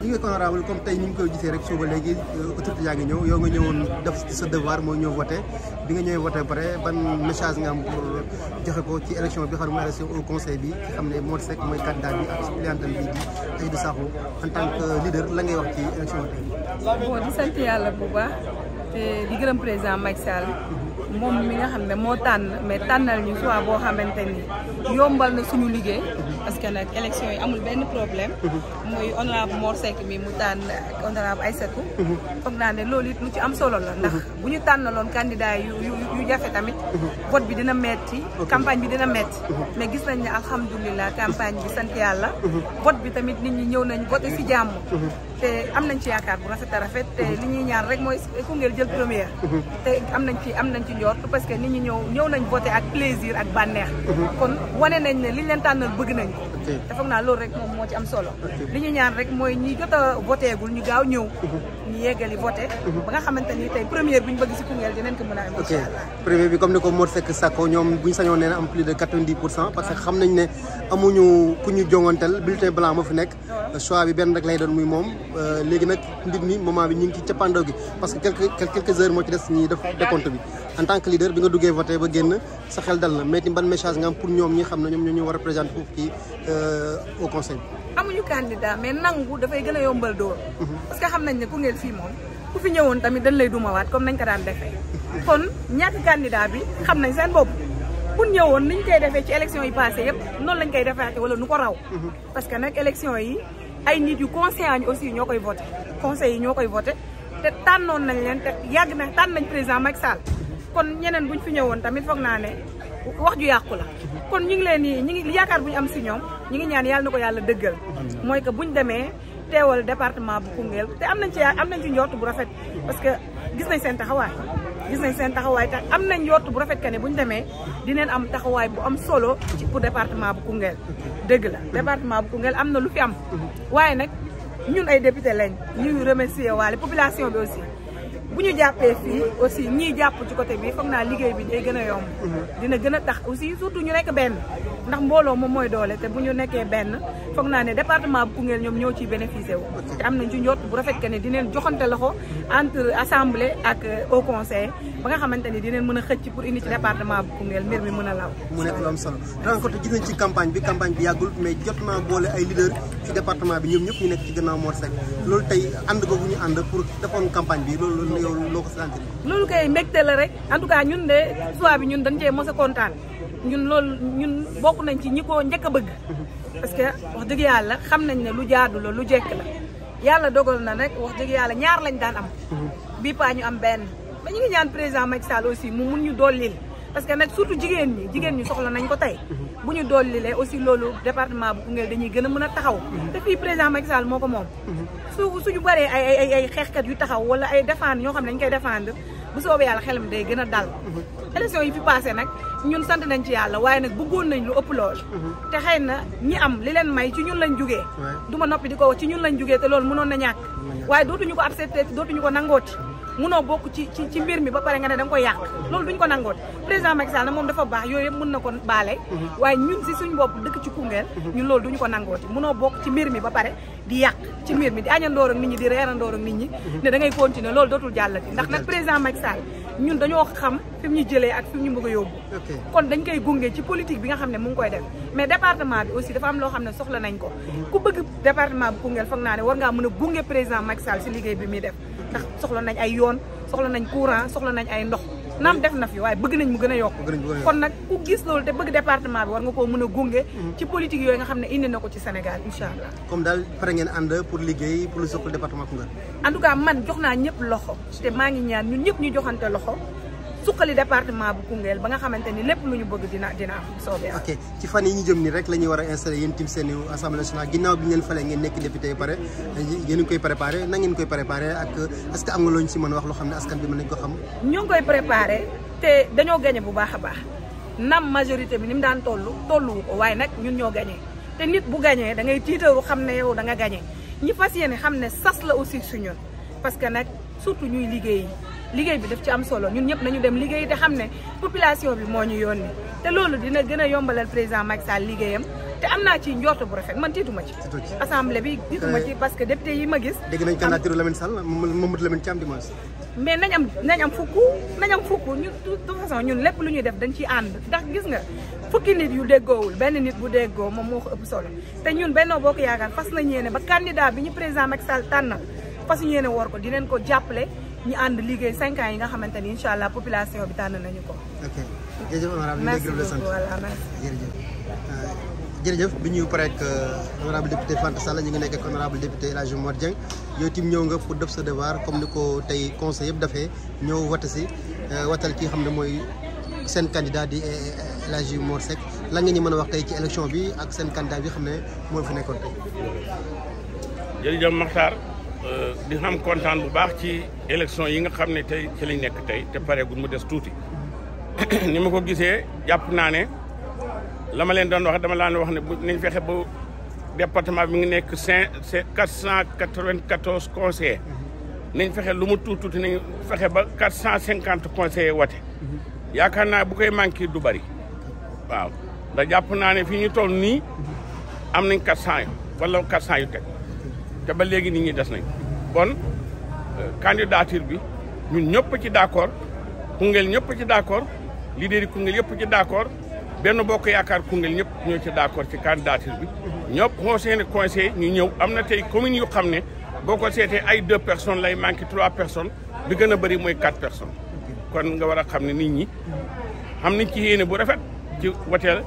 li nga ko honorable comme tey ni ñu koy gisee rek suba léegi autorité yaa ngi ñëw yow nga ñëwoon def sa devoir mooy ñëw voté bi nga ñëw voté ba pare ban message nga am pour joxe ko ci élection bi xam ne mooy élection au bi ki xam ne Mor Seck mooy candidat bi ak suppléantam bi di Seydou Sakho en tant que leader la ngay wax ci élection bi. bon di sant yàlla bu baax te di gërëm président Macky Sall. moom mi nga xam ne moo tànn mais tànnal ñu choix boo xamante ni yombal na suñu liggéey. parce que nag élection yi amul benn problème. mooy honorable Mor Seck mi mu tànn ak honorable Aïssatou. foog naa ne loolu it lu ci am solo la. ndax bu ñu tànnaloon candidat yu yu yu jafe tamit. vote bi dina metti campagne bi dina metti mais gis nañ ne alhamdulilah campagne bi sant yàlla. vote bi tamit nit ñi ñëw nañ voté si jàmm. te am nañ ci yaakaar bu rafet rafet te li ñuy ñaan rek mooy Koungheul jël première te am nañ ci am nañ ci njort parce que nit ñi ñëw ñëw nañ voté ak plaisir ak bànneex kon wane nañ ne li ñu leen tànnal bëgg nañ ko te foog naa loolu rek moom moo ci am solo li ñu ñaan rek mooy ñu jot a ñu gaaw ñëw ñu yeggali voté ba nga xamante ni tey première bi ñu bëgg si Koungheul dinañ ko mën a am ok première bi comme ni ñu sañoon nee na am plus de amuñu ku ñu jongantel bulletin blanc moo fi nekk Euh, choix bi benn rek lay doon muy moom euh, léegi nag mbir mi moment bi ñu ngi ci cappaandaw gi parce que quelques quelques heures moo ci des ñuy def décompte bi en tant que leader bi nga duggee voté ba génn sa xel dal na mais tim ban message nga am pour ñoom ñu war a présenter foofu euh, mais nangu dafay gën a yombal dóor. Mhm. parce que xam nañ ne Koungheul fii moom ku fi ñëwoon tamit dañ lay dumawaat comme nañ ko daan defee. kon ñaata candidat bi xam nañ seen bopp. bu ñëwoon ni ñu koy defee ci élection yi passé yëpp noonu lañ koy defaatee wala nu ko raw. Mhm. parce que nag élection yi. ay nit yu conseillers aussi ñoo koy voté conseil yi ñoo koy voté te tànnoon nañ leen te yàgg na tànn nañ président Macky saal kon ñeneen buñ fi ñëwoon tamit foog naa ne wax ju yàqu la kon ñu ngi leen nii ñu ngi yaakaar bu ñu am si ñoom ñu ngi ñaan yàlla na ko yàlla dëggal mooy que buñ demee teewal département bu Koungheul te am nañ ci am nañ ci njort bu rafet parce que gis nañ seen taxawaay gis nañ seen taxawaay tax am nañ yott bu rafet ne bu ñu demee dineen am taxawaay bu am solo ci pour département bu Koungheul dëgg la département bu Koungheul am na lu fi am waaye nag ñun ay député lañ ñuy remercier waale population bi aussi bu ñu jàppee fii aussi ñii jàpp ci côté bii foog naa liggéey bi day gën a yomb mhm. dina gën a tax aussi surtout ñu nekk benn ndax mbooloo moom mooy doole te bu ñu nekkee benn foog naa ne département bu Koungheul ñoom ñoo ciy bénéficié wu te am nañ ci bu rafet que ne dineen joxante loxo entre assemblée ak euh, au conseil ba nga xamante ni dineen mën a xëcc pour indi ci département bu Koungheul mbir a law mu nekk ci campagne bi campagne bi yàggul mais jot naa boole ay leader ci département bi ñoom ñëpp ñu nekk ci gannaaw Mor Seck loolu tey ànd googu ñu ànd pour defoon campagne bi loolu loolu yow loo ko sentir loolu kay mbégte la rek en tout cas ñun de soit bi ñun dañ cee mos a kontaan ñun loolu ñun bokk nañ ci ñi ko njëkk a bëgg parce que wax dëgg yàlla xam nañ ne lu jaadu la lu jekk la yàlla dogal na rek wax dëgg yàlla ñaar lañ daan am bii paa ñu am benn ba ñu ngi ñaan président Macky Sall aussi mu mun ñu dollil parce que nag surtout jigéen ñi jigéen ñi soxla nañ ko tey bu ñu dollilee aussi loolu département bu Koungheul dañuy gën a mën a taxaw te fii président Macky Sall moo ko moom su suñu baree ay ay xeexkat yu taxaw wala ay défendre ñoo xam ne dañ koy défendre bu soobee yàlla xelam day gën a dal mhm. élection yi fi passé nag ñun sant nañ ci yàlla waaye nag bëggoon nañ lu ëpp lool mhm. te xëy na ñi am li leen may ci ñun lañ jugee du ma noppi di ko ci ñun lañ jugee te loolu mënoon na ñàkk waaye dootuñu ko accepté dootuñu ko nangooti mun munoo bokk ci ci ci mbir mi ba pare nga ne da ko yàq loolu duñ ko nangoot président Macky Sall na moom dafa baax yooyu yëpp mën na ko baale mhm. waaye ñun si suñ bopp dëkk ci Koungheul mhm. ñun loolu duñu ko nangooti munoo bokk ci mbir mi ba pare di yàq ci mi di añandoor ak ñi di reerandoor ak nit ñi mhm. ne da ngay continuer loolu dootul jàllati ndax nag président Macky Sall ñun dañoo xam fi mu ñu jëlee ak suñu mu ñu kon dañ koy gunge ci politique bi nga xam ne mu ngi koy def mais département bi aussi dafa am loo xam ne soxla nañ ko ku bëgg département bu Koungheul foog naa ne war ngaa mën a gunge président Macky Sall si liggéey bi muy def ndax soxla nañ ay yoon soxla nañ courant soxla nañ ay ndox naam def na fi waaye bëgg nañ mu gën a yokk kon nag ku gis loolu te bëgg département bi war nga koo mën a gunge mhm. ci politique yooyu nga xam ne indi na ko ci Sénégal incha allah comme daal pare ngeen ànd pour liggéey pour lu soxla département Koungheul en tout man jox naa ñëpp loxo te maa ngi ñaan ñun ñëpp ñu joxante loxo suqali département bu Koungheul ba nga xamante ni lépp lu ñu bëgg dina dina am soobee ok ci fan yi ñu jëm ni rek la war a installé yéen tim seen assemblée nationale ginnaaw bi ñu leen falee ngeen nekk député yi pare yéen ngi koy préparé na ngeen koy préparé ak est que am nga looñu si mën wax loo xam ne askan bi mën a baax nam majorité bi ni mu daan toll tolluwu ko waaye nag ñun ñoo gagné te nit bu gagné da ngay tiitaru xam ne yow danga nga gagné ñi fas yéene xam ne sas la aussi su ñun parce que nag surtout ñuy liggéey yi liggéey bi def ci am solo ñun ñëpp nañu dem liggéey te xam ne population bi moo ñu yónni te loolu dina gën a yombalal président Macky Sall liggéeyam te am naa ci njort bu rafet man tiituma ci assemblée bi tiituma ci parce que député yi ma gis dégg nañ candidature Lamine Sall Mamadou Lamine mais nañ am nañ am fukk nañ am fukk ñu de toute façon ñun lépp lu ñuy def dañ ciy ànd ndax gis nga fukki nit yu déggoowul benn nit bu déggoo moom moo ko ëpp solo te ñun Benno Bokk Yaakaar fas nañ yéene ba candidat bi ñu président Macky Sall tànn fas ñu yéene war ko dinañ ko jàppale ñu ànd liggéey cinq ans yi nga xamante ni incha allah population bi tànn nañu ko. ok jërëjëf sant voilà merci jërëjëf. Euh, jërëjëf bi ñu paree ak euh, honorable député Fanta Sall ñu ngi nekk ak honorable député El Hadj Mor Dieng yow tim ñëw nga pour def sa devoir comme ni ko tey conseil yëpp dafee ñëw wata si euh, watal ki xam ne mooy seen candidat di El Hadj Mor Seck lan nga ñu mën a wax tey ci élection bi ak seen candidat bi xam ne moo fi nekkoon tey. jërëjëf Makhtar. Euh, di am kontaan bu baax ci élection yi nga xam ne tey ci lañ nekk tey te pareegul mu des tuuti ni ma ko gisee jàpp naa ne la ma leen doon wax dama laan wax ne bu nañ fexe ba département mi ngi nekk cinq quatre cent quatre-vingt-quatorze conseillers mhm. nañ fexe lu mu tuuti tuuti nañ fexe ba quatre cent cinquante conseillers wate mhm. yaakaar naa bu koy manqué du bari waaw da jàpp naa ne fii ñu toll nii mhm. am nañ quatre cent yu wala quatre cent yu teg te ba léegi ni ñi des nañ bon candidature bi ñun ñëpp ci d' accord Koungheul ñëpp ci d' accord leader yi Koungheul yëpp ci d' accord benn bokk yaakaar Koungheul ñëpp ñoo ci d' accord ci candidature bi. ñëpp xoo seeni conseil ñu ñëw am na tey communes yu xam ne boo ko seetee ay deux personnes lay manqué trois personnes bi gën a bëri mooy quatre personnes. kon nga war a xam ne nit ñi am nañ ci yéene bu rafet ci woteel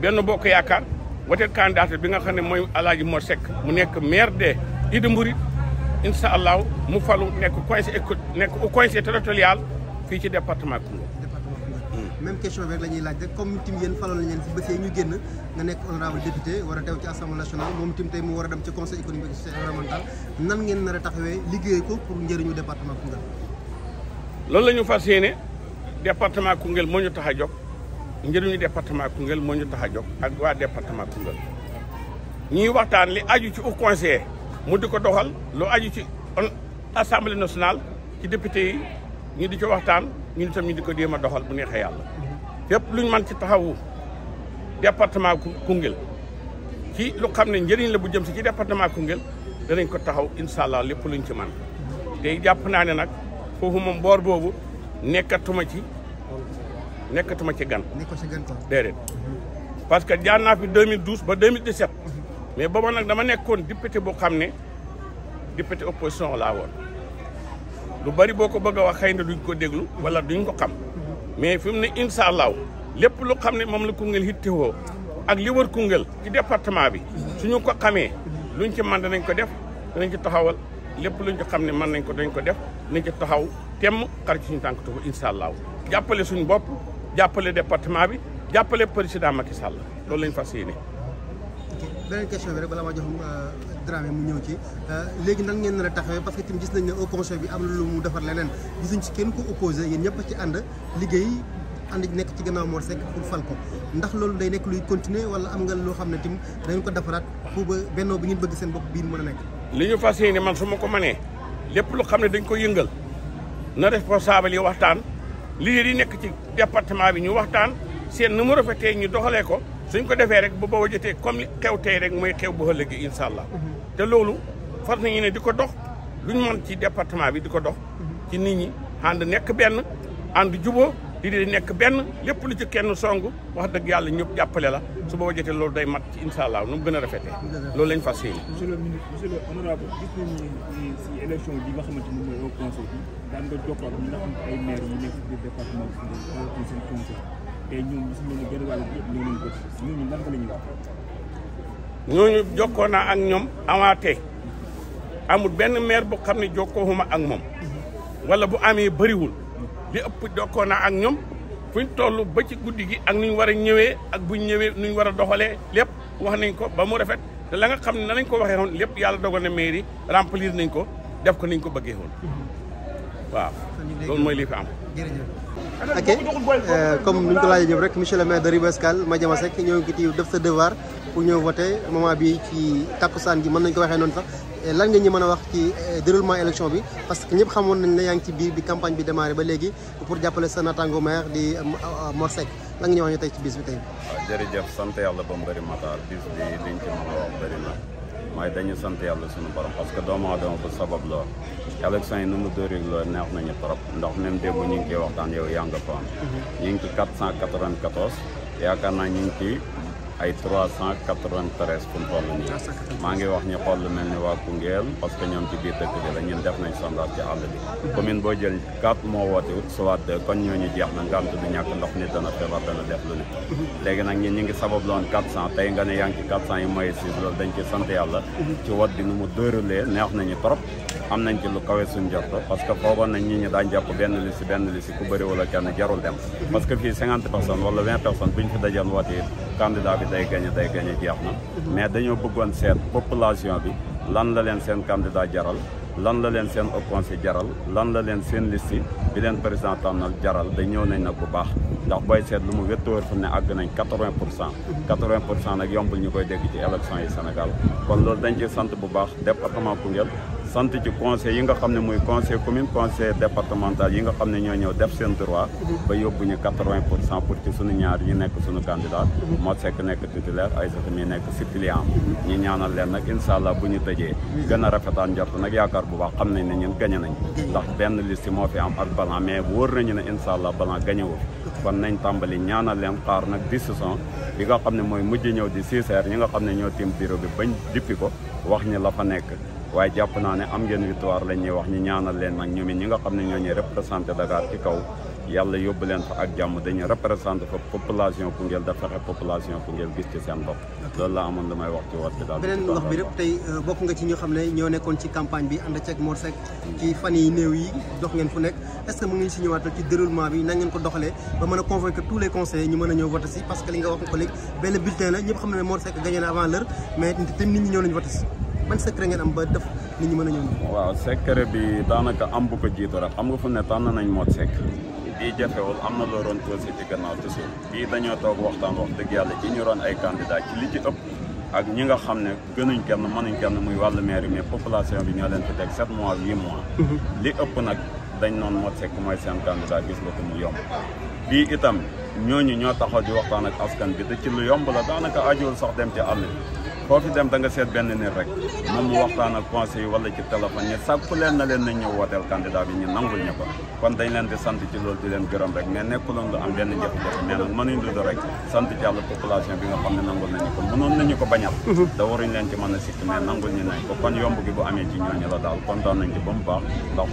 benn bokk yaakaar. wote candidat bi nga xam ne mooy Alaaji Mor Seck mu nekk maire de Ida Mouride incha allah mu falu nekk conseil nekk au conseil territorial fii ci département Koungheul. département Koungheul. même question rek la ñuy laaj rek comme tim yéen faloon nañ leen fi bësee ñu a teew ci assemblée nationale moom tim tey mu a dem ci conseil économique et environnemental nan ngeen nar a taxawee liggéey ko pour njëriñu département Koungheul. loolu la ñu fas yéene département Koungheul moo ñu tax a jóg njëriñu département Koungheul moo ñu tax a jóg ak waa département Koungheul ñuy waxtaan li aju ci au mu di ko doxal lu aju ci assemblée nationale ci député yi ñu di ci waxtaan ñun itam ñu di ko déem a doxal bu neexee yàlla fépp luñ mën ci taxawu département Koungheul ci lu xam ne njëriñ la bu jëm si ci département Koungheul danañ ko taxaw incha allah lépp luñ ci man tey jàpp naa ne nag foofu moom boor boobu nekkatuma ci nekkatuma ci gan. nekkatuma ci gan quoi parce que jaar naa fi 2012 ba 2017. mais booba nag dama nekkoon député boo xam ne député opposition laa woon. lu bari boo ko bëgg a wax xëy na duñ ko déglu wala duñ ko xam. mais fi mu ne incha allah lépp lu xam ne moom la Koungheul yittewoo ak li wër Koungheul ci département bi suñu ko xamee luñ ci mën danañ ko def danañ ci taxawal lépp luñ ko xam ne mën nañ ko dañ ko def danañ ci taxaw temm xar ci suñu tànk tuuti incha allah jàppale suñu bopp. jàppale département bi jàppale président Macky Sall loolu lañu fas yéene. beneen question bi rek balaa ma jox euh, mu ñëw ci euh, léegi nan ngeen na a taxawee parce que tamit gis nañ ne au bi am na lu mu defar leneen gisuñ ci kenn ko opposé yéen ñëpp ci ànd liggéey ànd nekk ci gannaaw moo Seck pour fal ko ndax loolu day nekk luy continuer wala am nga loo xam ne tamit dañ ko defaraat pour ba bennoo bi ñu bëgg seen bokk bii mën a nekk. li ñu fas yéene man su ma ko mënee lépp lu xam ne dañ ko yëngal na responsable yi waxtaan. leader yi nekk ci département bi ñu waxtaan seen numéro fa tey ñu doxalee ko suñ ko defee rek bo booba jotee comme li xew tey rek mooy xew bu ëllëgee incha allah. Mhm. te loolu far nañu ne di ko dox luñ mën ci département bi di ko dox. Mhm. ci nit ñi ànd nekk benn ànd jubo di di nekk benn lépp lu ci kenn song wax dëgg yàlla ñëpp jàppale la su ba loolu day mat ci incha nu mu gën a rafetee. loolu lañ fas yéene. monsieur le bi nga xam ne ay maire yu nekk ci département ñu seen conseil ñoom gis nañu yëpp ñoo leen ko ñooñu lan la jokkoo naa ak ñoom amaatee amul benn maire bu xam ne jokkoo huma ak moom mhm. wala bu amee bariwul li ëpp jokkoo naa ak ñoom fuñ toll ba ci guddi gi ak nu ñu a ñëwee ak buñ ñëwee nuñ war a doxalee lépp wax nañ ko ba mu rafet te la nga xam ne na lañ ko waxee woon lépp yàlla dogal ne mairie remplir nañ ko def ko niñ ko bëggee woon waaw loolu mooy li fi am euh, comme ni ñu ko laajee jëm rek monsieur le maire de Ribescal Madiama Seck ñoo ngi ci def sa devoir pour ñëw voter moment bi ci takkusaan gi mën nañ ko waxee noonu sax Eh, lan nga ñu mën a wax ci eh, déroulement élection bi parce que ñëpp xamoon nañ ne yaa ngi ci biir bi campagne bi démarré ba léegi pour jàppale sa natango maire di eh, Mor Seck lan nga ñu wax ñu tey ci bis bi tey. waaw ah, jërëjëf sant yàlla ba mu bëri Matar bis bi liñ ci mën a suñu borom parce que doomu aadama bu sabab lool élection yi nu mu dóor lool neex nañu trop ndax même démb ñu ngi yaa nga ko am. Mhm. ñu ngi ci 494 yaakaar naa ñu ngi ci ay trois cent quatre maa ngi wax ñu xool lu mel ni waa Koungheul parce que ñoom ci biir dëkk bi la ñun def nañ sondage ci àll bi commune boo jël quatre moo woote wut soit kon ñooñu jeex na ngant du ñàkk ndox nit dana feebar dana def lu ne léegi nag ñun ñu ngi sabab loon quatre cent tey nga ne yaa ngi ci quatre cent yi mooy six loolu dañ ci sant yàlla ci wat bi nu mu dóorulee neex nañu trop am nañ ci lu kawe suñ jot parce que foogoon nañ ñi daan jàpp benn li benn candidat bi day gañe day gañe jeex na mais dañoo bëggoon seet population bi lan la leen seen candidat jaral lan la leen seen au conseil jaral lan la leen seen liste bi leen président tànnal jaral da ñëw nañ nag bu baax ndax booy seet lu mu wéttuwar fu ne àgg nañ 80 pour cent 80 pour cent nag yombul ñu koy dégg ci élection yi Sénégal kon loolu dañ ci sant bu baax département Koungheul sant ci conseil yi nga xam ne muy conseil commune conseil départemental yi nga xam ne ñoo ñëw def seen droit ba yóbbu ñu quatre-vingt pour cent pour ci sunu ñaar ñi nekk sunu candidat moo sekk nekk titulaire ay mi nekk suppléant ñi ñaanal leen nag incha allah bu ñu tëjee gën a rafetaan njort nag yaakaar bu baax xam nañ ne ñun gañe nañ ndax benn liste moo fi am ak balan mais wóor nañu ne incha allah balan gañewul kon nañ tàmbali ñaanal leen xaar nag décision bi nga xam ne mooy mujj ñëw di 6 heures ñi nga xam ne ñoo tiim bureau bi bañ dippi ko la fa waaye jàpp naa ne am ngeen victoire lañ wax ñu ñaanal leen nag ñoom ñi nga xam ne ñoo ñuy représenté Dakar ci kaw yàlla yóbbu leen fa ak jàmm dañuy représenté fa population Koungheul da fexe population Koungheul gis euh, ñoo nekkoon ci campagne bi ànd ceeg Mor Seck. ci fan yi néew yi dox ngeen fu nekk est-ce que mu ngi si ñëwaatal ci déroulement bi na ko doxalee ba mën a convaincre tous les conseillers ñu mën a ñëw voté si parce que li nga wax ko léegi benn bulletin man secret ngeen am ba def nit ñi mën a ñëw. waaw secret bi daanaka am bu ko jiitu rek xam nga fu ne tànn nañ Mot Seck bii jafewul am na loo doon posé ci gannaaw te suuf bii dañoo toog waxtaan wax dëgg yàlla ci ñu doon ay candidat ci li ci ëpp ak ñi nga xam ne gënuñ kenn mënuñ kenn muy wàllu maire mais population bi ñoo leen fi teg sept mois huit mois. Mhm. li ëpp nag dañ noon Mot Seck mooy seen candidat gis nga ko mu yomb bii itam ñooñu ñoo taxaw di waxtaan ak askan bi te ci lu yomb la daanaka ajuwul sax dem ci àll koo fi dem da nga seet benn nit rek moom mu waxtaan ak conseil wala ci téléphone ñi sàkku leen na leen nañ ñëw wooteel candidat bi ñu nangul ñu ko kon dañ leen di sant ci loolu di leen gërëm rek mais nekkuloon lu am benn jafe-jafe mais nag mënuñ lu rek sant ci yàlla population bi nga xam ne nangul nañu ko mënoon nañu ko bañal da mhm. leen ci mën a sikk mais nangul ñu nañ ko kon yomb gi bu amee ci ñooñu la daal kontaan nañ ci ba mu baax ndax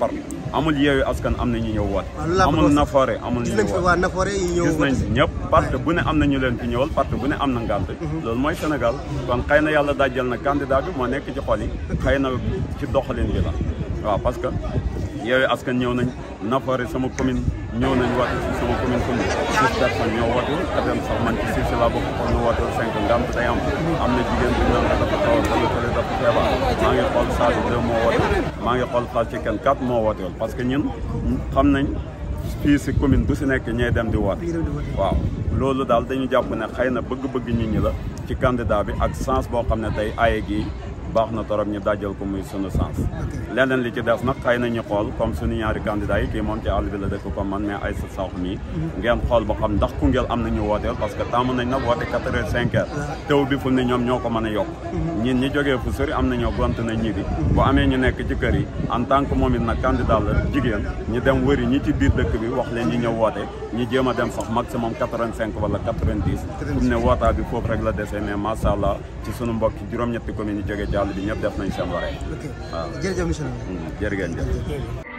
wax amul yeeyu askan am na ñu ñëw woot amul nafoore amul ñu ñëw gis nañ ñëpp parti bu ne am na ñu leen fi ñëwal parti bu ne am na ngànt mhm. loolu mooy Sénégal kon xëy na yàlla dajjal na candidat bi moo nekk ci xol yi xëy na ci doxalin yi la waaw parce que yeeyu askan ñëw nañ nafoore sama commune ñëw nañ woote si sama commune commune six personnes ñoo woote atam sax man ci si si laa bokk kon ñu woote cinq ngànt day am am na jigéen bu ñu naan dafa xaw a feebar maa ngi xool Sadio moo woote maa ngi xool xal ci kenn quatre moo wooteel parce que ñun xam nañ fii si commune bu si nekk ñee dem di woote waaw loolu daal dañu jàpp ne xëy na bëgg-bëgg ñu ñi la ci candidat bi ak sens boo xam ne tey aye gii baax na torop ñu dajal ko muy sunu sens leneen li ci des nag xëy na xool comme sunu ñaari candidats yi kii moom ci àll bi la dëkk comme man mais ay sa sax mii ngeen xool ba xam ndax Koungheul am nañu wooteel parce que tàmm nañ nag woote quatre heures tew bi fu ne ñoom ñoo ko mën a yokk ñin ñi jógee fu sori am nañoo gont na ñi bi bu amee ñu nekk ci kër yi en tant que moom it nag candidat la jigéen ñu dem wëri ñi ci biir dëkk bi wax leen ñi ñëw woote ñu jéem a dem sax maximum quatre-vingt-cinq wala quatre-vingt-dix fu mu ne wootaa yàlla bi ñëpp def nañ seen waree. ok jërëjëf monsieur le maire. Mm-hmm. jërëjëf.